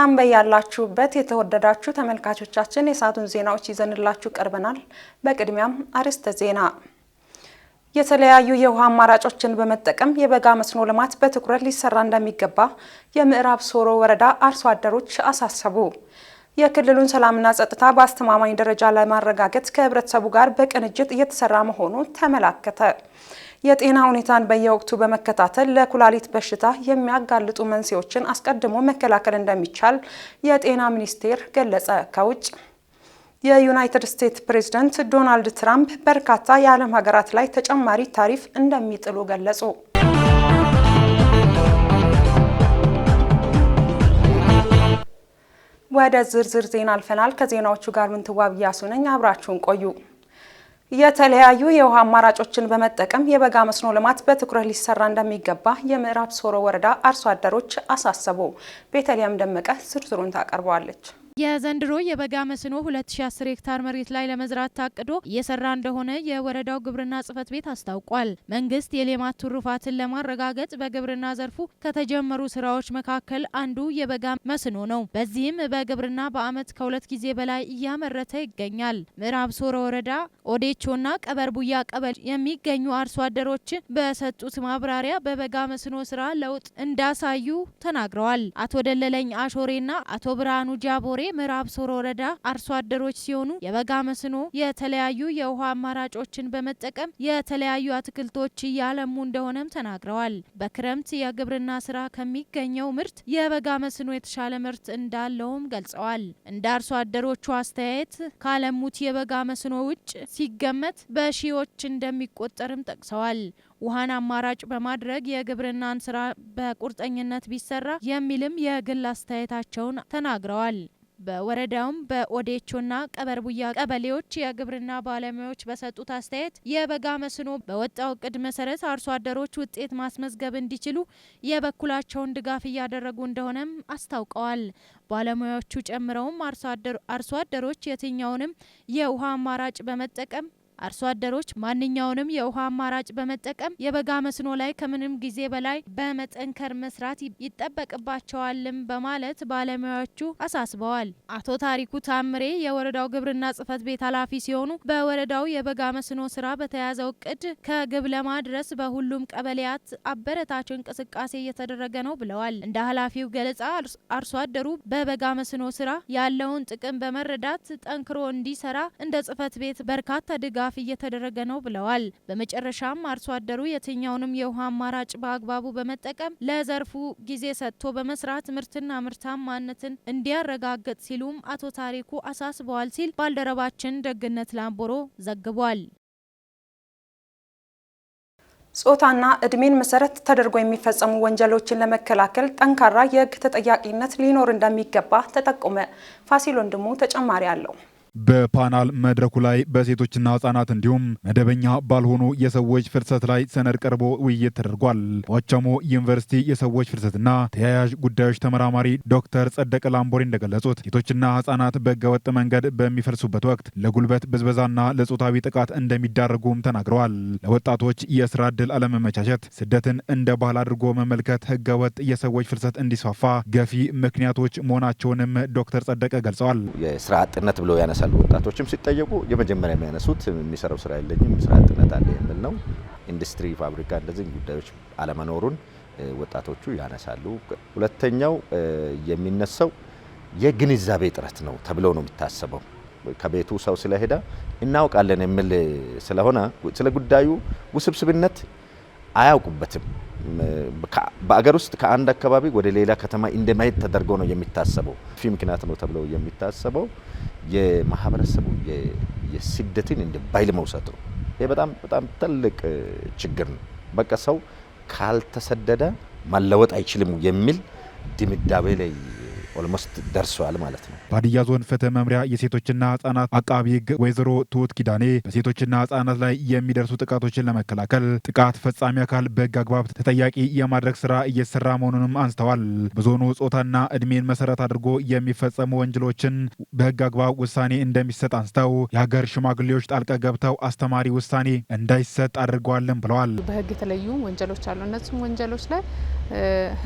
ሰላም በያላችሁበት የተወደዳችሁ ተመልካቾቻችን የሰዓቱን ዜናዎች ይዘንላችሁ ቀርበናል። በቅድሚያም አርዕስተ ዜና። የተለያዩ የውሃ አማራጮችን በመጠቀም የበጋ መስኖ ልማት በትኩረት ሊሰራ እንደሚገባ የምዕራብ ሶሮ ወረዳ አርሶ አደሮች አሳሰቡ። የክልሉን ሰላምና ጸጥታ በአስተማማኝ ደረጃ ለማረጋገጥ ከህብረተሰቡ ጋር በቅንጅት እየተሰራ መሆኑ ተመላከተ። የጤና ሁኔታን በየወቅቱ በመከታተል ለኩላሊት በሽታ የሚያጋልጡ መንስኤዎችን አስቀድሞ መከላከል እንደሚቻል የጤና ሚኒስቴር ገለጸ። ከውጭ የዩናይትድ ስቴትስ ፕሬዝደንት ዶናልድ ትራምፕ በርካታ የዓለም ሀገራት ላይ ተጨማሪ ታሪፍ እንደሚጥሉ ገለጹ። ወደ ዝርዝር ዜና አልፈናል። ከዜናዎቹ ጋር ምንትዋብ እያሱ ነኝ። አብራችሁን ቆዩ። የተለያዩ የውሃ አማራጮችን በመጠቀም የበጋ መስኖ ልማት በትኩረት ሊሰራ እንደሚገባ የምዕራብ ሶሮ ወረዳ አርሶ አደሮች አሳሰቡ። ቤተልሔም ደመቀ ዝርዝሩን ታቀርበዋለች። የዘንድሮ የበጋ መስኖ 2010 ሄክታር መሬት ላይ ለመዝራት ታቅዶ እየሰራ እንደሆነ የወረዳው ግብርና ጽሕፈት ቤት አስታውቋል። መንግስት የሌማት ትሩፋትን ለማረጋገጥ በግብርና ዘርፉ ከተጀመሩ ስራዎች መካከል አንዱ የበጋ መስኖ ነው። በዚህም በግብርና በአመት ከሁለት ጊዜ በላይ እያመረተ ይገኛል። ምዕራብ ሶሮ ወረዳ ኦዴቾና ቀበር ቡያ ቀበሌ የሚገኙ አርሶ አደሮች በሰጡት ማብራሪያ በበጋ መስኖ ስራ ለውጥ እንዳሳዩ ተናግረዋል። አቶ ደለለኝ አሾሬና አቶ ብርሃኑ ጃቦሬ ምዕራብ ሶሮ ወረዳ አርሶ አደሮች ሲሆኑ የበጋ መስኖ የተለያዩ የውሃ አማራጮችን በመጠቀም የተለያዩ አትክልቶች እያለሙ እንደሆነም ተናግረዋል። በክረምት የግብርና ስራ ከሚገኘው ምርት የበጋ መስኖ የተሻለ ምርት እንዳለውም ገልጸዋል። እንደ አርሶ አደሮቹ አስተያየት ካለሙት የበጋ መስኖ ውጭ ሲገመት በሺዎች እንደሚቆጠርም ጠቅሰዋል። ውሃን አማራጭ በማድረግ የግብርናን ስራ በቁርጠኝነት ቢሰራ የሚልም የግል አስተያየታቸውን ተናግረዋል። በወረዳውም በኦዴቾና ቀበርቡያ ቀበሌዎች የግብርና ባለሙያዎች በሰጡት አስተያየት የበጋ መስኖ በወጣው እቅድ መሰረት አርሶ አደሮች ውጤት ማስመዝገብ እንዲችሉ የበኩላቸውን ድጋፍ እያደረጉ እንደሆነም አስታውቀዋል። ባለሙያዎቹ ጨምረውም አርሶ አደሮች የትኛውንም የውሃ አማራጭ በመጠቀም አርሶ አደሮች ማንኛውንም የውሃ አማራጭ በመጠቀም የበጋ መስኖ ላይ ከምንም ጊዜ በላይ በመጠንከር መስራት ይጠበቅባቸዋልም በማለት ባለሙያዎቹ አሳስበዋል። አቶ ታሪኩ ታምሬ የወረዳው ግብርና ጽሕፈት ቤት ኃላፊ ሲሆኑ በወረዳው የበጋ መስኖ ስራ በተያዘው እቅድ ከግብ ለማድረስ በሁሉም ቀበሌያት አበረታች እንቅስቃሴ እየተደረገ ነው ብለዋል። እንደ ኃላፊው ገለጻ አርሶ አደሩ በበጋ መስኖ ስራ ያለውን ጥቅም በመረዳት ጠንክሮ እንዲሰራ እንደ ጽህፈት ቤት በርካታ ድጋፍ ድጋፍ እየተደረገ ነው ብለዋል። በመጨረሻም አርሶ አደሩ የትኛውንም የውሃ አማራጭ በአግባቡ በመጠቀም ለዘርፉ ጊዜ ሰጥቶ በመስራት ምርትና ምርታማነትን እንዲያረጋግጥ ሲሉም አቶ ታሪኩ አሳስበዋል ሲል ባልደረባችን ደግነት ላምቦሮ ዘግቧል። ጾታና እድሜን መሰረት ተደርጎ የሚፈጸሙ ወንጀሎችን ለመከላከል ጠንካራ የሕግ ተጠያቂነት ሊኖር እንደሚገባ ተጠቆመ። ፋሲል ወንድሙ ተጨማሪ አለው። በፓናል መድረኩ ላይ በሴቶችና ህጻናት እንዲሁም መደበኛ ባልሆኑ የሰዎች ፍልሰት ላይ ሰነድ ቀርቦ ውይይት ተደርጓል። በዋቸሞ ዩኒቨርሲቲ የሰዎች ፍልሰትና ተያያዥ ጉዳዮች ተመራማሪ ዶክተር ጸደቀ ላምቦሬ እንደገለጹት ሴቶችና ህጻናት በህገወጥ መንገድ በሚፈልሱበት ወቅት ለጉልበት ብዝበዛና ለጾታዊ ጥቃት እንደሚዳረጉም ተናግረዋል። ለወጣቶች የስራ ዕድል አለመመቻቸት ስደትን እንደ ባህል አድርጎ መመልከት ህገወጥ የሰዎች ፍልሰት እንዲስፋፋ ገፊ ምክንያቶች መሆናቸውንም ዶክተር ጸደቀ ገልጸዋል። የስራ አጥነት ብለው ያነሳ ያነሳል። ወጣቶችም ሲጠየቁ የመጀመሪያ የሚያነሱት የሚሰራው ስራ የለኝም፣ የስራ አጥነት አለ የሚል ነው። ኢንዱስትሪ፣ ፋብሪካ እንደዚህ ጉዳዮች አለመኖሩን ወጣቶቹ ያነሳሉ። ሁለተኛው የሚነሳው የግንዛቤ እጥረት ነው ተብሎ ነው የሚታሰበው። ከቤቱ ሰው ስለሄደ እናውቃለን የሚል ስለሆነ ስለ ጉዳዩ ውስብስብነት አያውቁበትም። በአገር ውስጥ ከአንድ አካባቢ ወደ ሌላ ከተማ እንደማሄድ ተደርጎ ነው የሚታሰበው። ፊ ምክንያት ነው ተብለው የሚታሰበው የማህበረሰቡ የስደትን እንደ ባይል መውሰድ ነው። ይህ በጣም በጣም ትልቅ ችግር ነው። በቃ ሰው ካልተሰደደ መለወጥ አይችልም የሚል ድምዳቤ ላይ ኦልሞስት ደርሷል ማለት ነው። በሀዲያ ዞን ፍትህ መምሪያ የሴቶችና ህጻናት አቃቢ ህግ ወይዘሮ ትሁት ኪዳኔ በሴቶችና ህጻናት ላይ የሚደርሱ ጥቃቶችን ለመከላከል ጥቃት ፈጻሚ አካል በህግ አግባብ ተጠያቂ የማድረግ ስራ እየተሰራ መሆኑንም አንስተዋል። በዞኑ ጾታና እድሜን መሰረት አድርጎ የሚፈጸሙ ወንጀሎችን በህግ አግባብ ውሳኔ እንደሚሰጥ አንስተው የሀገር ሽማግሌዎች ጣልቀ ገብተው አስተማሪ ውሳኔ እንዳይሰጥ አድርገዋልን ብለዋል። በህግ የተለዩ ወንጀሎች አሉ። እነሱም ወንጀሎች ላይ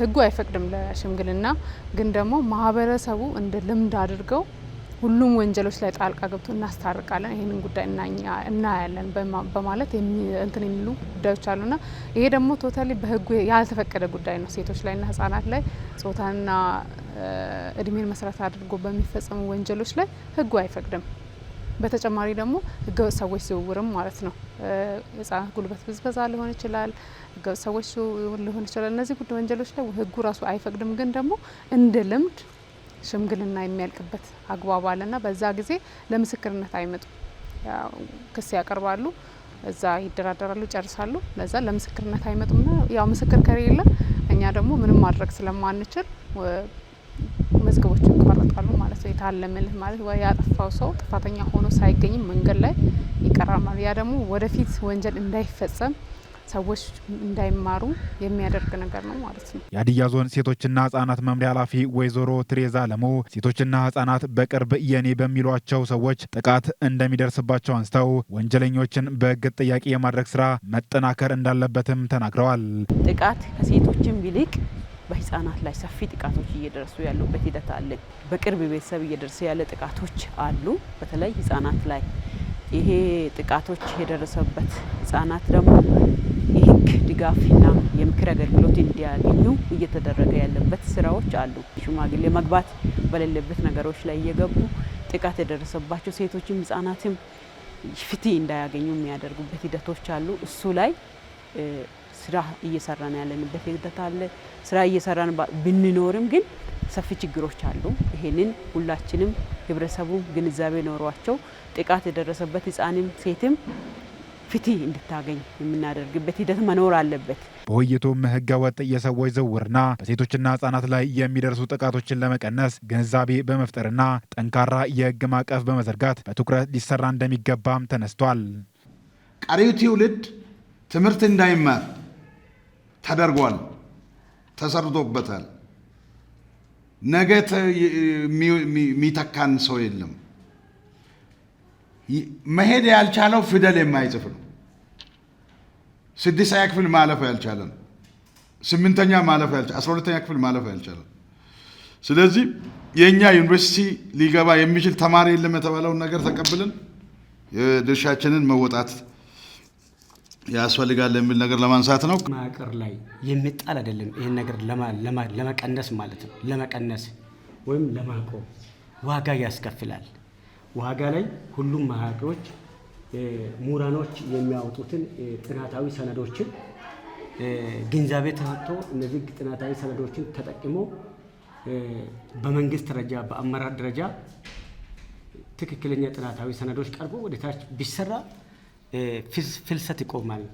ህጉ አይፈቅድም ለሽምግልና። ግን ደግሞ ማህበረሰቡ እንደ ልምድ አድርገው ሁሉም ወንጀሎች ላይ ጣልቃ ገብቶ እናስታርቃለን፣ ይህንን ጉዳይ እናያለን በማለት እንትን የሚሉ ጉዳዮች አሉና ይሄ ደግሞ ቶታሊ በህጉ ያልተፈቀደ ጉዳይ ነው። ሴቶች ላይና ህጻናት ላይ ጾታና እድሜን መሰረት አድርጎ በሚፈጸሙ ወንጀሎች ላይ ህጉ አይፈቅድም። በተጨማሪ ደግሞ ህገወጥ ሰዎች ዝውውርም ማለት ነው። ህጻናት ጉልበት ብዝበዛ ሊሆን ይችላል፣ ህገወጥ ሰዎች ዝውውር ሊሆን ይችላል። እነዚህ ጉዳይ ወንጀሎች ላይ ህጉ ራሱ አይፈቅድም፣ ግን ደግሞ እንደ ልምድ ሽምግልና የሚያልቅበት አግባብ አለና በዛ ጊዜ ለምስክርነት አይመጡም። ክስ ያቀርባሉ፣ እዛ ይደራደራሉ፣ ይጨርሳሉ። ለዛ ለምስክርነት አይመጡምና ያው ምስክር ከሌለ እኛ ደግሞ ምንም ማድረግ ስለማንችል ይቋረጣሉ ማለት ነው። የታለመልህ ማለት ያጠፋው ሰው ጥፋተኛ ሆኖ ሳይገኝም መንገድ ላይ ይቀራል ማለት ያ ደግሞ ወደፊት ወንጀል እንዳይፈጸም ሰዎች እንዳይማሩ የሚያደርግ ነገር ነው ማለት ነው። የሀዲያ ዞን ሴቶችና ህጻናት መምሪያ ኃላፊ ወይዘሮ ትሬዛ ለሞ ሴቶችና ህጻናት በቅርብ የኔ በሚሏቸው ሰዎች ጥቃት እንደሚደርስባቸው አንስተው ወንጀለኞችን በህግ ጥያቄ የማድረግ ስራ መጠናከር እንዳለበትም ተናግረዋል። ጥቃት ከሴቶችም ቢልቅ በህፃናት ላይ ሰፊ ጥቃቶች እየደረሱ ያሉበት ሂደት አለ። በቅርብ ቤተሰብ እየደረሰ ያለ ጥቃቶች አሉ፣ በተለይ ህጻናት ላይ ይሄ ጥቃቶች የደረሰበት ህጻናት ደግሞ የህግ ድጋፍና የምክር አገልግሎት እንዲያገኙ እየተደረገ ያለበት ስራዎች አሉ። ሽማግሌ መግባት በሌለበት ነገሮች ላይ እየገቡ ጥቃት የደረሰባቸው ሴቶችም ህጻናትም ፍትህ እንዳያገኙ የሚያደርጉበት ሂደቶች አሉ። እሱ ላይ ስራ እየሰራን ያለንበት ሂደት አለ። ስራ እየሰራን ብንኖርም ግን ሰፊ ችግሮች አሉ። ይሄንን ሁላችንም ህብረተሰቡ ግንዛቤ ኖሯቸው ጥቃት የደረሰበት ህፃንም ሴትም ፍትህ እንድታገኝ የምናደርግበት ሂደት መኖር አለበት። በውይይቱም ህገ ወጥ የሰዎች ዝውውርና በሴቶችና ህጻናት ላይ የሚደርሱ ጥቃቶችን ለመቀነስ ግንዛቤ በመፍጠርና ጠንካራ የህግ ማዕቀፍ በመዘርጋት በትኩረት ሊሰራ እንደሚገባም ተነስቷል። ቀሪው ትውልድ ትምህርት እንዳይማር ተደርጓል፣ ተሰርቶበታል። ነገ የሚተካን ሰው የለም። መሄድ ያልቻለው ፊደል የማይጽፍ ነው። ስድስተኛ ክፍል ማለፍ ያልቻለ ነው። ስምንተኛ ማለፍ ያልቻለ፣ አስራ ሁለተኛ ክፍል ማለፍ ያልቻለ። ስለዚህ የእኛ ዩኒቨርሲቲ ሊገባ የሚችል ተማሪ የለም የተባለውን ነገር ተቀብለን የድርሻችንን መወጣት ያስፈልጋል የሚል ነገር ለማንሳት ነው። መዋቅር ላይ የሚጣል አይደለም። ይህን ነገር ለመቀነስ ማለት ነው ለመቀነስ ወይም ለማቆም ዋጋ ያስከፍላል። ዋጋ ላይ ሁሉም መዋቅሮች ምሁራኖች የሚያወጡትን ጥናታዊ ሰነዶችን ግንዛቤ ተሰጥቶ እነዚህ ጥናታዊ ሰነዶችን ተጠቅሞ በመንግስት ደረጃ በአመራር ደረጃ ትክክለኛ ጥናታዊ ሰነዶች ቀርቦ ወደታች ቢሰራ ፍልሰት ይቆማል።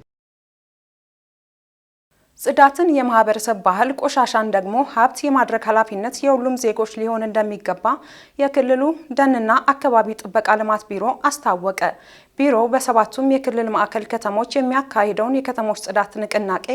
ጽዳትን የማህበረሰብ ባህል፣ ቆሻሻን ደግሞ ሀብት የማድረግ ኃላፊነት የሁሉም ዜጎች ሊሆን እንደሚገባ የክልሉ ደንና አካባቢ ጥበቃ ልማት ቢሮ አስታወቀ። ቢሮው በሰባቱም የክልል ማዕከል ከተሞች የሚያካሂደውን የከተሞች ጽዳት ንቅናቄ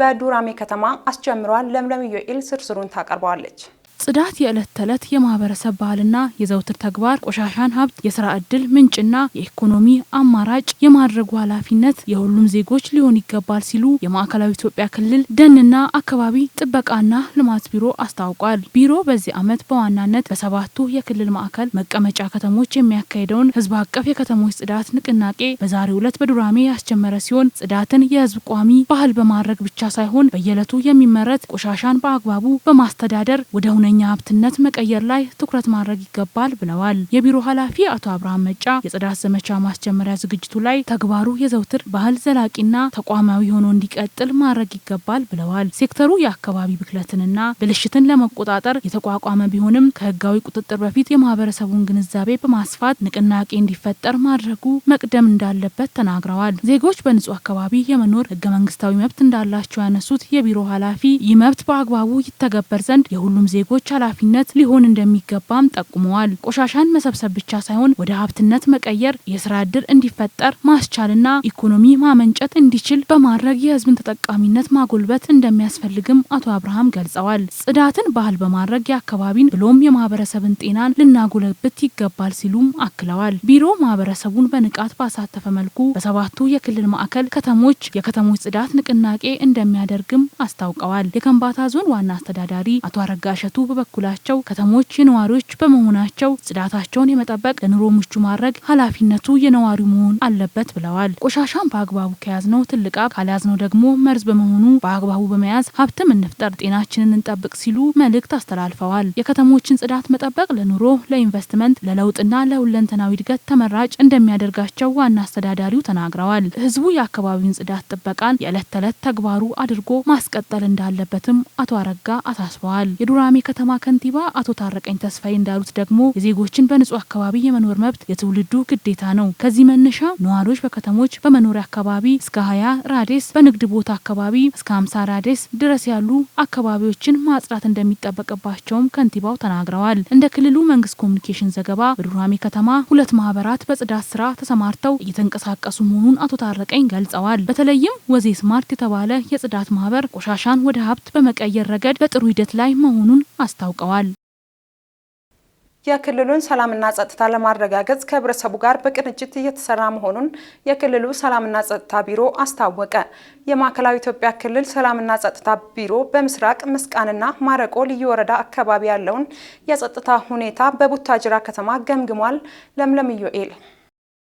በዱራሜ ከተማ አስጀምሯል። ለምለም ዮኤል ዝርዝሩን ታቀርበዋለች። ጽዳት የዕለት ተዕለት የማህበረሰብ ባህልና የዘውትር ተግባር ቆሻሻን ሀብት፣ የስራ ዕድል ምንጭና የኢኮኖሚ አማራጭ የማድረጉ ኃላፊነት የሁሉም ዜጎች ሊሆን ይገባል ሲሉ የማዕከላዊ ኢትዮጵያ ክልል ደንና አካባቢ ጥበቃና ልማት ቢሮ አስታውቋል። ቢሮ በዚህ ዓመት በዋናነት በሰባቱ የክልል ማዕከል መቀመጫ ከተሞች የሚያካሄደውን ህዝብ አቀፍ የከተሞች ጽዳት ንቅናቄ በዛሬው ዕለት በዱራሜ ያስጀመረ ሲሆን ጽዳትን የህዝብ ቋሚ ባህል በማድረግ ብቻ ሳይሆን በየዕለቱ የሚመረት ቆሻሻን በአግባቡ በማስተዳደር ወደ ሁነኛ ሀብትነት መቀየር ላይ ትኩረት ማድረግ ይገባል ብለዋል። የቢሮ ኃላፊ አቶ አብርሃም መጫ የጽዳት ዘመቻ ማስጀመሪያ ዝግጅቱ ላይ ተግባሩ የዘውትር ባህል ዘላቂና ተቋማዊ ሆኖ እንዲቀጥል ማድረግ ይገባል ብለዋል። ሴክተሩ የአካባቢ ብክለትንና ብልሽትን ለመቆጣጠር የተቋቋመ ቢሆንም ከህጋዊ ቁጥጥር በፊት የማህበረሰቡን ግንዛቤ በማስፋት ንቅናቄ እንዲፈጠር ማድረጉ መቅደም እንዳለበት ተናግረዋል። ዜጎች በንጹህ አካባቢ የመኖር ህገ መንግስታዊ መብት እንዳላቸው ያነሱት የቢሮ ኃላፊ ይህ መብት በአግባቡ ይተገበር ዘንድ የሁሉም ዜጎች ዜጎች ኃላፊነት ሊሆን እንደሚገባም ጠቁመዋል። ቆሻሻን መሰብሰብ ብቻ ሳይሆን ወደ ሀብትነት መቀየር፣ የስራ እድል እንዲፈጠር ማስቻልና ኢኮኖሚ ማመንጨት እንዲችል በማድረግ የህዝብን ተጠቃሚነት ማጎልበት እንደሚያስፈልግም አቶ አብርሃም ገልጸዋል። ጽዳትን ባህል በማድረግ የአካባቢን ብሎም የማህበረሰብን ጤናን ልናጎለብት ይገባል ሲሉም አክለዋል። ቢሮ ማህበረሰቡን በንቃት ባሳተፈ መልኩ በሰባቱ የክልል ማዕከል ከተሞች የከተሞች ጽዳት ንቅናቄ እንደሚያደርግም አስታውቀዋል። የከምባታ ዞን ዋና አስተዳዳሪ አቶ አረጋሸቱ በበኩላቸው ከተሞች የነዋሪዎች በመሆናቸው ጽዳታቸውን የመጠበቅ ለኑሮ ምቹ ማድረግ ኃላፊነቱ የነዋሪው መሆን አለበት ብለዋል። ቆሻሻን በአግባቡ ከያዝነው ትልቅ ካልያዝነው ደግሞ መርዝ በመሆኑ በአግባቡ በመያዝ ሀብትም እንፍጠር፣ ጤናችንን እንጠብቅ ሲሉ መልእክት አስተላልፈዋል። የከተሞችን ጽዳት መጠበቅ ለኑሮ ለኢንቨስትመንት፣ ለለውጥና ለሁለንተናዊ እድገት ተመራጭ እንደሚያደርጋቸው ዋና አስተዳዳሪው ተናግረዋል። ህዝቡ የአካባቢውን ጽዳት ጥበቃን የዕለት ተዕለት ተግባሩ አድርጎ ማስቀጠል እንዳለበትም አቶ አረጋ አሳስበዋል። የዱራሜ ከተማ ከንቲባ አቶ ታረቀኝ ተስፋዬ እንዳሉት ደግሞ የዜጎችን በንጹህ አካባቢ የመኖር መብት የትውልዱ ግዴታ ነው። ከዚህ መነሻ ነዋሪዎች በከተሞች በመኖሪያ አካባቢ እስከ 20 ራዴስ፣ በንግድ ቦታ አካባቢ እስከ ሀምሳ ራዴስ ድረስ ያሉ አካባቢዎችን ማጽዳት እንደሚጠበቅባቸውም ከንቲባው ተናግረዋል። እንደ ክልሉ መንግስት ኮሚኒኬሽን ዘገባ በዱራሜ ከተማ ሁለት ማህበራት በጽዳት ስራ ተሰማርተው እየተንቀሳቀሱ መሆኑን አቶ ታረቀኝ ገልጸዋል። በተለይም ወዜ ስማርት የተባለ የጽዳት ማህበር ቆሻሻን ወደ ሀብት በመቀየር ረገድ በጥሩ ሂደት ላይ መሆኑን አስታውቀዋል። የክልሉን ሰላምና ጸጥታ ለማረጋገጥ ከህብረተሰቡ ጋር በቅንጅት እየተሰራ መሆኑን የክልሉ ሰላምና ጸጥታ ቢሮ አስታወቀ። የማዕከላዊ ኢትዮጵያ ክልል ሰላምና ጸጥታ ቢሮ በምስራቅ ምስቃንና ማረቆ ልዩ ወረዳ አካባቢ ያለውን የጸጥታ ሁኔታ በቡታጅራ ከተማ ገምግሟል። ለምለም ዮኤል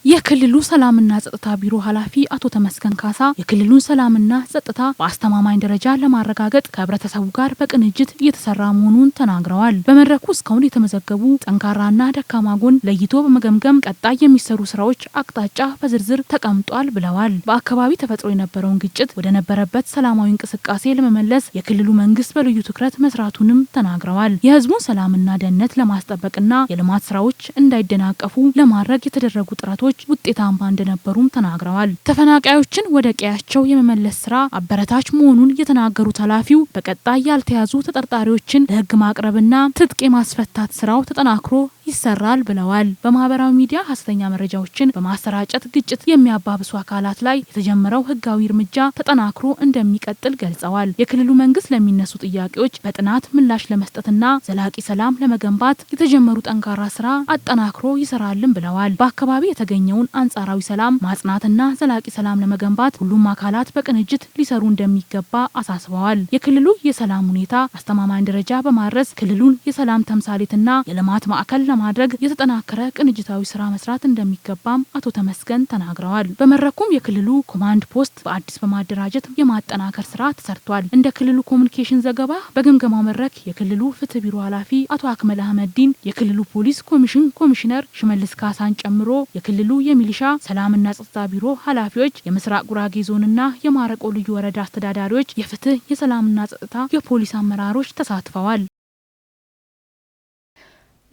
የክልሉ ሰላምና ጸጥታ ቢሮ ኃላፊ አቶ ተመስገን ካሳ የክልሉን ሰላምና ጸጥታ በአስተማማኝ ደረጃ ለማረጋገጥ ከህብረተሰቡ ጋር በቅንጅት እየተሰራ መሆኑን ተናግረዋል። በመድረኩ እስካሁን የተመዘገቡ ጠንካራና ደካማ ጎን ለይቶ በመገምገም ቀጣይ የሚሰሩ ስራዎች አቅጣጫ በዝርዝር ተቀምጧል ብለዋል። በአካባቢ ተፈጥሮ የነበረውን ግጭት ወደ ነበረበት ሰላማዊ እንቅስቃሴ ለመመለስ የክልሉ መንግስት በልዩ ትኩረት መስራቱንም ተናግረዋል። የህዝቡን ሰላምና ደህንነት ለማስጠበቅና የልማት ስራዎች እንዳይደናቀፉ ለማድረግ የተደረጉ ጥረቶች ውጤታ ውጤታማ እንደነበሩም ተናግረዋል። ተፈናቃዮችን ወደ ቀያቸው የመመለስ ስራ አበረታች መሆኑን የተናገሩት ኃላፊው በቀጣይ ያልተያዙ ተጠርጣሪዎችን ለህግ ማቅረብና ትጥቅ የማስፈታት ስራው ተጠናክሮ ይሰራል ብለዋል። በማህበራዊ ሚዲያ ሀሰተኛ መረጃዎችን በማሰራጨት ግጭት የሚያባብሱ አካላት ላይ የተጀመረው ህጋዊ እርምጃ ተጠናክሮ እንደሚቀጥል ገልጸዋል። የክልሉ መንግስት ለሚነሱ ጥያቄዎች በጥናት ምላሽ ለመስጠትና ዘላቂ ሰላም ለመገንባት የተጀመሩ ጠንካራ ስራ አጠናክሮ ይሰራልን ብለዋል። በአካባቢ የተገኘውን አንጻራዊ ሰላም ማጽናትና ዘላቂ ሰላም ለመገንባት ሁሉም አካላት በቅንጅት ሊሰሩ እንደሚገባ አሳስበዋል። የክልሉ የሰላም ሁኔታ አስተማማኝ ደረጃ በማድረስ ክልሉን የሰላም ተምሳሌትና የልማት ማዕከል ለማድረግ የተጠናከረ ቅንጅታዊ ስራ መስራት እንደሚገባም አቶ ተመስገን ተናግረዋል። በመድረኩም የክልሉ ኮማንድ ፖስት በአዲስ በማደራጀት የማጠናከር ስራ ተሰርቷል። እንደ ክልሉ ኮሚኒኬሽን ዘገባ በግምገማው መድረክ የክልሉ ፍትህ ቢሮ ኃላፊ አቶ አክመል አህመዲን፣ የክልሉ ፖሊስ ኮሚሽን ኮሚሽነር ሽመልስ ካሳን ጨምሮ የክልሉ የሚሊሻ ሰላምና ጸጥታ ቢሮ ኃላፊዎች፣ የምስራቅ ጉራጌ ዞንና የማረቆ ልዩ ወረዳ አስተዳዳሪዎች፣ የፍትህ የሰላምና ጸጥታ የፖሊስ አመራሮች ተሳትፈዋል።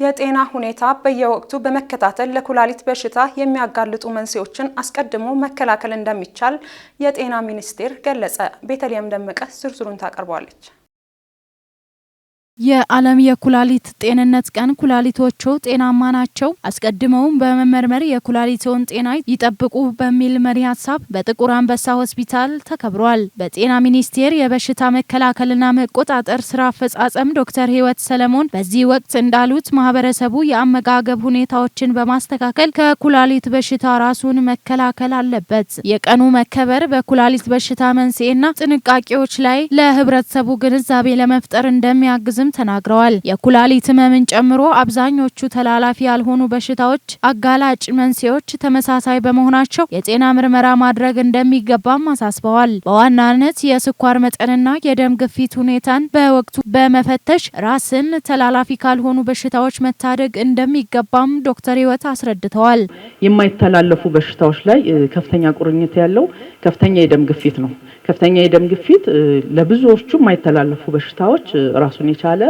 የጤና ሁኔታ በየወቅቱ በመከታተል ለኩላሊት በሽታ የሚያጋልጡ መንስኤዎችን አስቀድሞ መከላከል እንደሚቻል የጤና ሚኒስቴር ገለጸ። ቤተልሔም ደመቀ ዝርዝሩን ታቀርባለች። የዓለም የኩላሊት ጤንነት ቀን ኩላሊቶቹ ጤናማ ናቸው፣ አስቀድመውም በመመርመር የኩላሊቶን ጤና ይጠብቁ በሚል መሪ ሀሳብ በጥቁር አንበሳ ሆስፒታል ተከብሯል። በጤና ሚኒስቴር የበሽታ መከላከልና መቆጣጠር ስራ አፈጻጸም ዶክተር ህይወት ሰለሞን በዚህ ወቅት እንዳሉት ማህበረሰቡ የአመጋገብ ሁኔታዎችን በማስተካከል ከኩላሊት በሽታ ራሱን መከላከል አለበት። የቀኑ መከበር በኩላሊት በሽታ መንስኤና ጥንቃቄዎች ላይ ለህብረተሰቡ ግንዛቤ ለመፍጠር እንደሚያግዝ መያዝም ተናግረዋል። የኩላሊት ህመምን ጨምሮ አብዛኞቹ ተላላፊ ያልሆኑ በሽታዎች አጋላጭ መንስኤዎች ተመሳሳይ በመሆናቸው የጤና ምርመራ ማድረግ እንደሚገባም አሳስበዋል። በዋናነት የስኳር መጠንና የደም ግፊት ሁኔታን በወቅቱ በመፈተሽ ራስን ተላላፊ ካልሆኑ በሽታዎች መታደግ እንደሚገባም ዶክተር ህይወት አስረድተዋል። የማይተላለፉ በሽታዎች ላይ ከፍተኛ ቁርኝት ያለው ከፍተኛ የደም ግፊት ነው። ከፍተኛ የደም ግፊት ለብዙዎቹ የማይተላለፉ በሽታዎች ራሱን የቻለ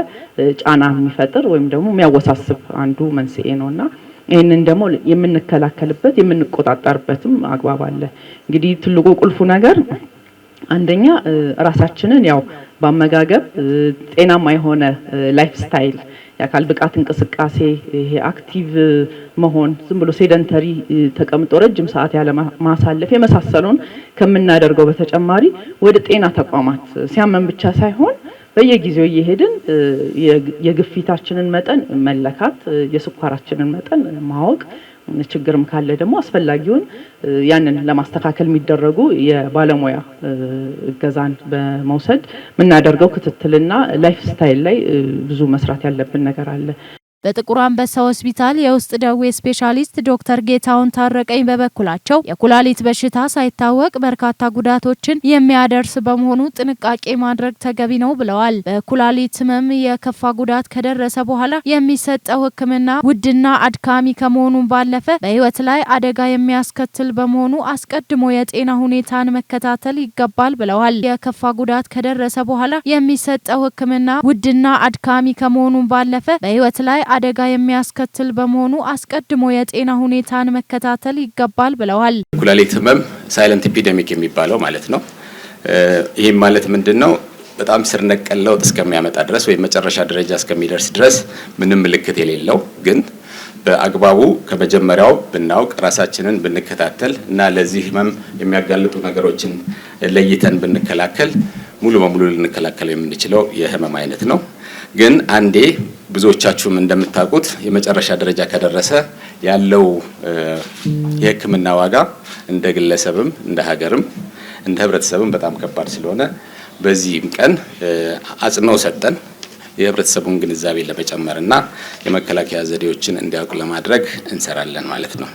ጫና የሚፈጥር ወይም ደግሞ የሚያወሳስብ አንዱ መንስኤ ነው እና ይህንን ደግሞ የምንከላከልበት የምንቆጣጠርበትም አግባብ አለ። እንግዲህ ትልቁ ቁልፉ ነገር አንደኛ ራሳችንን ያው በአመጋገብ ጤናማ የሆነ ላይፍ ስታይል የአካል ብቃት እንቅስቃሴ ይሄ አክቲቭ መሆን ዝም ብሎ ሴደንተሪ ተቀምጦ ረጅም ሰዓት ያለ ማሳለፍ የመሳሰሉን ከምናደርገው በተጨማሪ ወደ ጤና ተቋማት ሲያመን ብቻ ሳይሆን በየጊዜው እየሄድን የግፊታችንን መጠን መለካት፣ የስኳራችንን መጠን ማወቅ ችግርም ካለ ደግሞ አስፈላጊውን ያንን ለማስተካከል የሚደረጉ የባለሙያ እገዛን በመውሰድ የምናደርገው ክትትልና ላይፍ ስታይል ላይ ብዙ መስራት ያለብን ነገር አለ። በጥቁር አንበሳ ሆስፒታል የውስጥ ደዌ ስፔሻሊስት ዶክተር ጌታውን ታረቀኝ በበኩላቸው የኩላሊት በሽታ ሳይታወቅ በርካታ ጉዳቶችን የሚያደርስ በመሆኑ ጥንቃቄ ማድረግ ተገቢ ነው ብለዋል። በኩላሊት ህመም የከፋ ጉዳት ከደረሰ በኋላ የሚሰጠው ሕክምና ውድና አድካሚ ከመሆኑም ባለፈ በህይወት ላይ አደጋ የሚያስከትል በመሆኑ አስቀድሞ የጤና ሁኔታን መከታተል ይገባል ብለዋል። የከፋ ጉዳት ከደረሰ በኋላ የሚሰጠው ሕክምና ውድና አድካሚ ከመሆኑም ባለፈ በህይወት ላይ አደጋ የሚያስከትል በመሆኑ አስቀድሞ የጤና ሁኔታን መከታተል ይገባል ብለዋል። ኩላሊት ህመም ሳይለንት ኢፒደሚክ የሚባለው ማለት ነው። ይህም ማለት ምንድን ነው? በጣም ስር ነቀል ለውጥ እስከሚያመጣ ድረስ ወይም መጨረሻ ደረጃ እስከሚደርስ ድረስ ምንም ምልክት የሌለው ግን በአግባቡ ከመጀመሪያው ብናውቅ ራሳችንን ብንከታተል እና ለዚህ ህመም የሚያጋልጡ ነገሮችን ለይተን ብንከላከል ሙሉ በሙሉ ልንከላከለው የምንችለው የህመም አይነት ነው። ግን አንዴ ብዙዎቻችሁም እንደምታውቁት የመጨረሻ ደረጃ ከደረሰ ያለው የሕክምና ዋጋ እንደ ግለሰብም እንደ ሀገርም እንደ ህብረተሰብም በጣም ከባድ ስለሆነ በዚህም ቀን አጽንኦ ሰጠን የህብረተሰቡን ግንዛቤ ለመጨመርና የመከላከያ ዘዴዎችን እንዲያውቁ ለማድረግ እንሰራለን ማለት ነው።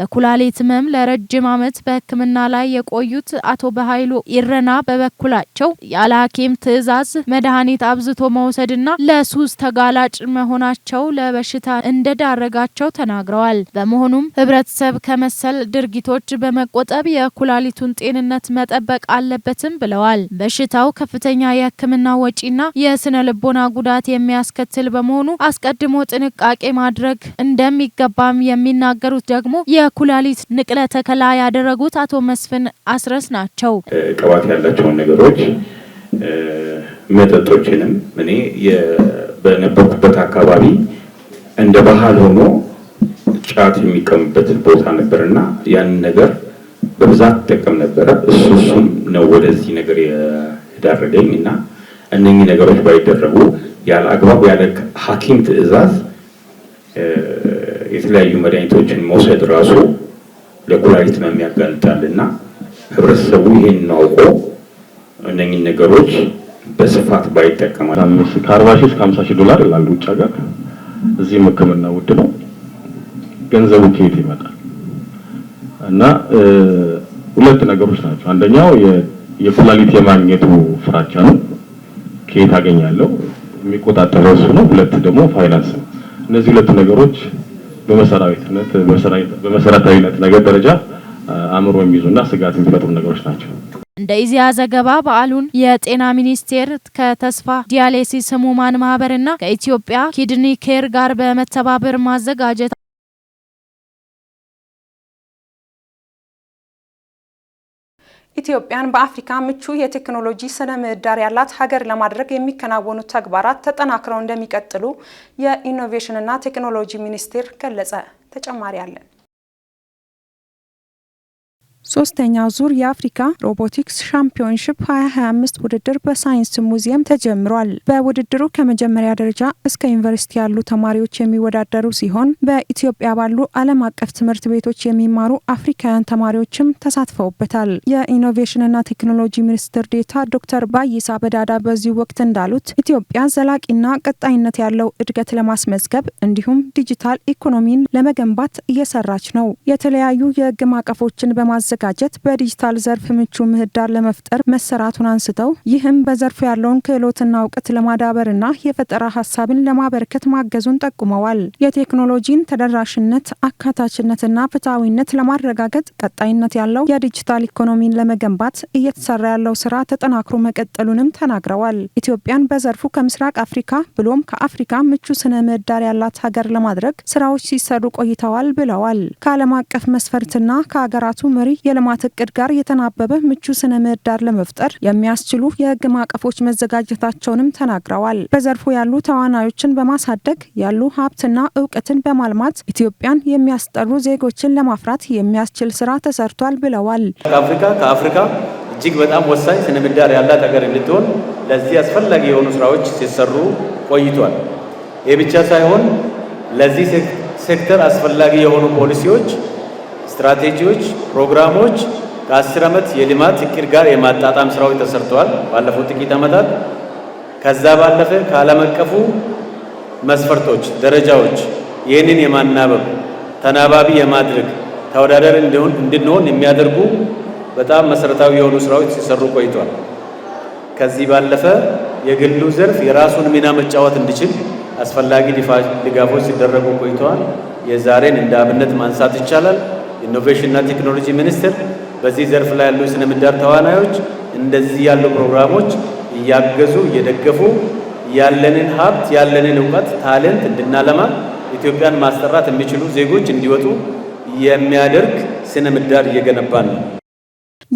በኩላሊት ህመም ለረጅም ዓመት በሕክምና ላይ የቆዩት አቶ በኃይሉ ኢረና በበኩላቸው ያለ ሐኪም ትዕዛዝ መድኃኒት አብዝቶ መውሰድና ለሱስ ተጋላጭ መሆናቸው ለበሽታ እንደዳረጋቸው ተናግረዋል። በመሆኑም ህብረተሰብ ከመሰል ድርጊቶች በመቆጠብ የኩላሊቱን ጤንነት መጠበቅ አለበትም ብለዋል። በሽታው ከፍተኛ የሕክምና ወጪና የስነ ልቦና ጉዳት የሚያስከትል በመሆኑ አስቀድሞ ጥንቃቄ ማድረግ እንደሚገባም የሚናገሩት ደግሞ የ የኩላሊት ንቅለ ተከላ ያደረጉት አቶ መስፍን አስረስ ናቸው። ቅባት ያላቸውን ነገሮች መጠጦችንም እኔ በነበርኩበት አካባቢ እንደ ባህል ሆኖ ጫት የሚቀሙበት ቦታ ነበር ያንን ነገር በብዛት ጠቀም ነበረ። እሱ እሱም ነው ወደዚህ ነገር የዳረገኝ እና እነኚህ ነገሮች ባይደረጉ ያለ አግባብ ያለ ሐኪም ትዕዛዝ የተለያዩ መድኃኒቶችን መውሰድ ራሱ ለኩላሊት ህመም ያጋልጣል እና ህብረተሰቡ ይህን አውቆ እነኝን ነገሮች በስፋት ባይጠቀማ ከአርባ ሺህ እስከ ሀምሳ ሺህ ዶላር ይላሉ ውጭ ሀገር። እዚህም ህክምና ውድ ነው። ገንዘቡ ከየት ይመጣል? እና ሁለት ነገሮች ናቸው። አንደኛው የኩላሊት የማግኘቱ ፍራቻ ነው። ከየት አገኛለሁ? የሚቆጣጠረው እሱ ነው። ሁለት ደግሞ ፋይናንስ ነው። እነዚህ ሁለት ነገሮች በመሰራዊትነት በመሰረታዊነት ነገር ደረጃ አእምሮ የሚይዙና ስጋት የሚፈጥሩ ነገሮች ናቸው። እንደ ኢዜአ ዘገባ በዓሉን የጤና ሚኒስቴር ከተስፋ ዲያሌሲስ ህሙማን ማህበርና ከኢትዮጵያ ኪድኒ ኬር ጋር በመተባበር ማዘጋጀት ኢትዮጵያን በአፍሪካ ምቹ የቴክኖሎጂ ስነ ምህዳር ያላት ሀገር ለማድረግ የሚከናወኑ ተግባራት ተጠናክረው እንደሚቀጥሉ የኢኖቬሽንና ቴክኖሎጂ ሚኒስቴር ገለጸ። ተጨማሪ አለን። ሶስተኛው ዙር የአፍሪካ ሮቦቲክስ ሻምፒዮንሽፕ 2025 ውድድር በሳይንስ ሙዚየም ተጀምሯል። በውድድሩ ከመጀመሪያ ደረጃ እስከ ዩኒቨርሲቲ ያሉ ተማሪዎች የሚወዳደሩ ሲሆን በኢትዮጵያ ባሉ ዓለም አቀፍ ትምህርት ቤቶች የሚማሩ አፍሪካውያን ተማሪዎችም ተሳትፈውበታል። የኢኖቬሽንና ቴክኖሎጂ ሚኒስትር ዴታ ዶክተር ባይሳ በዳዳ በዚሁ ወቅት እንዳሉት ኢትዮጵያ ዘላቂና ቀጣይነት ያለው እድገት ለማስመዝገብ እንዲሁም ዲጂታል ኢኮኖሚን ለመገንባት እየሰራች ነው። የተለያዩ የህግ ማዕቀፎችን በማዘ በማዘጋጀት በዲጂታል ዘርፍ ምቹ ምህዳር ለመፍጠር መሰራቱን አንስተው ይህም በዘርፉ ያለውን ክህሎትና እውቀት ለማዳበርና የፈጠራ ሀሳብን ለማበረከት ማገዙን ጠቁመዋል። የቴክኖሎጂን ተደራሽነት አካታችነትና ፍትሐዊነት ለማረጋገጥ ቀጣይነት ያለው የዲጂታል ኢኮኖሚን ለመገንባት እየተሰራ ያለው ስራ ተጠናክሮ መቀጠሉንም ተናግረዋል። ኢትዮጵያን በዘርፉ ከምስራቅ አፍሪካ ብሎም ከአፍሪካ ምቹ ስነ ምህዳር ያላት ሀገር ለማድረግ ስራዎች ሲሰሩ ቆይተዋል ብለዋል። ከዓለም አቀፍ መስፈርትና ከሀገራቱ መሪ የልማት እቅድ ጋር የተናበበ ምቹ ስነ ምህዳር ለመፍጠር የሚያስችሉ የህግ ማዕቀፎች መዘጋጀታቸውንም ተናግረዋል። በዘርፉ ያሉ ተዋናዮችን በማሳደግ ያሉ ሀብትና እውቀትን በማልማት ኢትዮጵያን የሚያስጠሩ ዜጎችን ለማፍራት የሚያስችል ስራ ተሰርቷል ብለዋል። ከአፍሪካ ከአፍሪካ እጅግ በጣም ወሳኝ ስነ ምህዳር ያላት ሀገር እንድትሆን ለዚህ አስፈላጊ የሆኑ ስራዎች ሲሰሩ ቆይቷል። ይህ ብቻ ሳይሆን ለዚህ ሴክተር አስፈላጊ የሆኑ ፖሊሲዎች ስትራቴጂዎች፣ ፕሮግራሞች ከአስር ዓመት የልማት እቅድ ጋር የማጣጣም ስራዎች ተሰርተዋል ባለፉት ጥቂት ዓመታት። ከዛ ባለፈ ከዓለም አቀፉ መስፈርቶች፣ ደረጃዎች ይህንን የማናበብ ተናባቢ የማድረግ ተወዳዳሪ እንድንሆን የሚያደርጉ በጣም መሰረታዊ የሆኑ ስራዎች ሲሰሩ ቆይቷል። ከዚህ ባለፈ የግሉ ዘርፍ የራሱን ሚና መጫወት እንዲችል አስፈላጊ ድጋፎች ሲደረጉ ቆይተዋል። የዛሬን እንደ አብነት ማንሳት ይቻላል። ኢኖቬሽንና ቴክኖሎጂ ሚኒስቴር በዚህ ዘርፍ ላይ ያሉ የስነ ምህዳር ተዋናዮች እንደዚህ ያሉ ፕሮግራሞች እያገዙ እየደገፉ ያለንን ሀብት ያለንን እውቀት ታለንት እንድናለማ ኢትዮጵያን ማሰራት የሚችሉ ዜጎች እንዲወጡ የሚያደርግ ስነ ምህዳር እየገነባን ነው።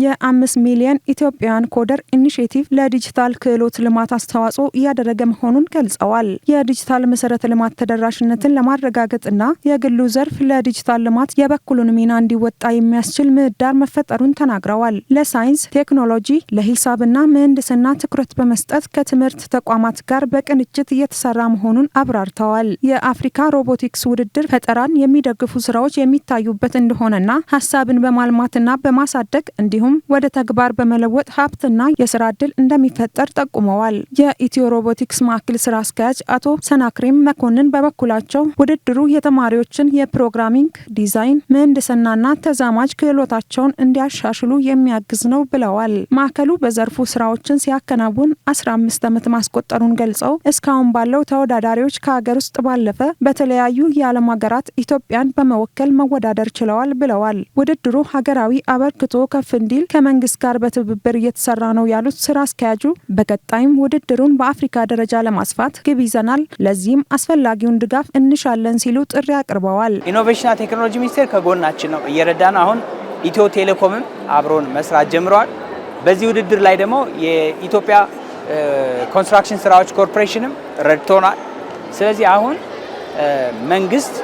የአምስት ሚሊዮን ኢትዮጵያውያን ኮደር ኢኒሽቲቭ ለዲጂታል ክህሎት ልማት አስተዋጽኦ እያደረገ መሆኑን ገልጸዋል። የዲጂታል መሰረተ ልማት ተደራሽነትን ለማረጋገጥና የግሉ ዘርፍ ለዲጂታል ልማት የበኩሉን ሚና እንዲወጣ የሚያስችል ምህዳር መፈጠሩን ተናግረዋል። ለሳይንስ ቴክኖሎጂ፣ ለሂሳብና ምህንድስና ትኩረት በመስጠት ከትምህርት ተቋማት ጋር በቅንጅት እየተሰራ መሆኑን አብራርተዋል። የአፍሪካ ሮቦቲክስ ውድድር ፈጠራን የሚደግፉ ስራዎች የሚታዩበት እንደሆነና ሀሳብን በማልማትና በማሳደግ እንዲ እንዲሁም ወደ ተግባር በመለወጥ ሀብትና የስራ እድል እንደሚፈጠር ጠቁመዋል። የኢትዮ ሮቦቲክስ ማዕከል ስራ አስኪያጅ አቶ ሰናክሬም መኮንን በበኩላቸው ውድድሩ የተማሪዎችን የፕሮግራሚንግ ዲዛይን፣ ምህንድስናና ተዛማጅ ክህሎታቸውን እንዲያሻሽሉ የሚያግዝ ነው ብለዋል። ማዕከሉ በዘርፉ ስራዎችን ሲያከናውን 15 ዓመት ማስቆጠሩን ገልጸው እስካሁን ባለው ተወዳዳሪዎች ከሀገር ውስጥ ባለፈ በተለያዩ የዓለም ሀገራት ኢትዮጵያን በመወከል መወዳደር ችለዋል ብለዋል። ውድድሩ ሀገራዊ አበርክቶ ከፍ እንዲል ከመንግስት ጋር በትብብር እየተሰራ ነው ያሉት ስራ አስኪያጁ፣ በቀጣይም ውድድሩን በአፍሪካ ደረጃ ለማስፋት ግብ ይዘናል፣ ለዚህም አስፈላጊውን ድጋፍ እንሻለን ሲሉ ጥሪ አቅርበዋል። ኢኖቬሽንና ቴክኖሎጂ ሚኒስቴር ከጎናችን ነው፣ እየረዳን አሁን ኢትዮ ቴሌኮምም አብሮን መስራት ጀምረዋል። በዚህ ውድድር ላይ ደግሞ የኢትዮጵያ ኮንስትራክሽን ስራዎች ኮርፖሬሽንም ረድቶናል። ስለዚህ አሁን መንግስት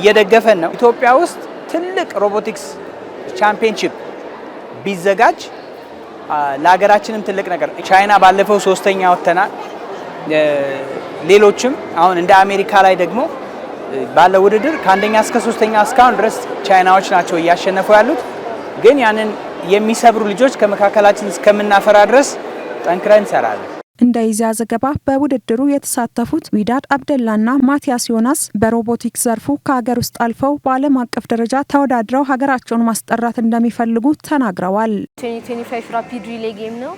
እየደገፈን ነው። ኢትዮጵያ ውስጥ ትልቅ ሮቦቲክስ ቻምፒየንሺፕ ቢዘጋጅ ለሀገራችንም ትልቅ ነገር። ቻይና ባለፈው ሶስተኛ ወጥተናል። ሌሎችም አሁን እንደ አሜሪካ ላይ ደግሞ ባለ ውድድር ከአንደኛ እስከ ሶስተኛ እስካሁን ድረስ ቻይናዎች ናቸው እያሸነፉ ያሉት። ግን ያንን የሚሰብሩ ልጆች ከመካከላችን እስከምናፈራ ድረስ ጠንክረን እንሰራለን። እንደ ኢዜአ ዘገባ በውድድሩ የተሳተፉት ዊዳድ አብደላና ማቲያስ ዮናስ በሮቦቲክ ዘርፉ ከሀገር ውስጥ አልፈው በዓለም አቀፍ ደረጃ ተወዳድረው ሀገራቸውን ማስጠራት እንደሚፈልጉ ተናግረዋል። ራፒድ ሪሌ ጌም ነው።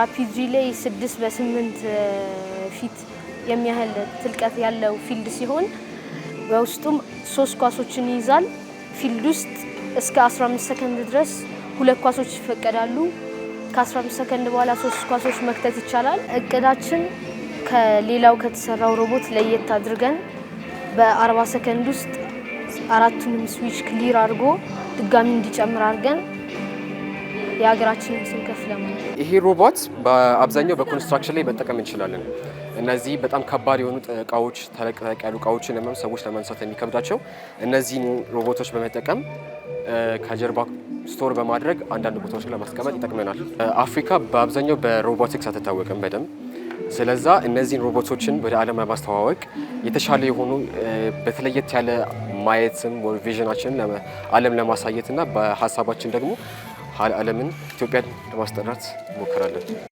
ራፒድ ሪሌ ስድስት በስምንት ፊት የሚያህል ትልቀት ያለው ፊልድ ሲሆን በውስጡም ሶስት ኳሶችን ይይዛል። ፊልድ ውስጥ እስከ 15 ሰከንድ ድረስ ሁለት ኳሶች ይፈቀዳሉ። ከ15 ሰከንድ በኋላ ሶስት ኳሶች መክተት ይቻላል። እቅዳችን ከሌላው ከተሰራው ሮቦት ለየት አድርገን በ40 ሰከንድ ውስጥ አራቱንም ስዊች ክሊር አድርጎ ድጋሚ እንዲጨምር አድርገን የሀገራችንን ስም ከፍ ይሄ ሮቦት በአብዛኛው በኮንስትራክሽን ላይ መጠቀም እንችላለን። እነዚህ በጣም ከባድ የሆኑ እቃዎች ተለቅለቅ ያሉ እቃዎችን ሰዎች ለማንሳት የሚከብዳቸው እነዚህን ሮቦቶች በመጠቀም ከጀርባ ስቶር በማድረግ አንዳንድ ቦታዎች ላይ ለማስቀመጥ ይጠቅመናል። አፍሪካ በአብዛኛው በሮቦቲክስ አትታወቅም በደንብ ስለዛ እነዚህን ሮቦቶችን ወደ ዓለም ለማስተዋወቅ የተሻለ የሆኑ በተለየት ያለ ማየትም ቪዥናችንን ዓለም እና በሀሳባችን ደግሞ ዓለምን ኢትዮጵያን ለማስጠራት እንሞክራለን።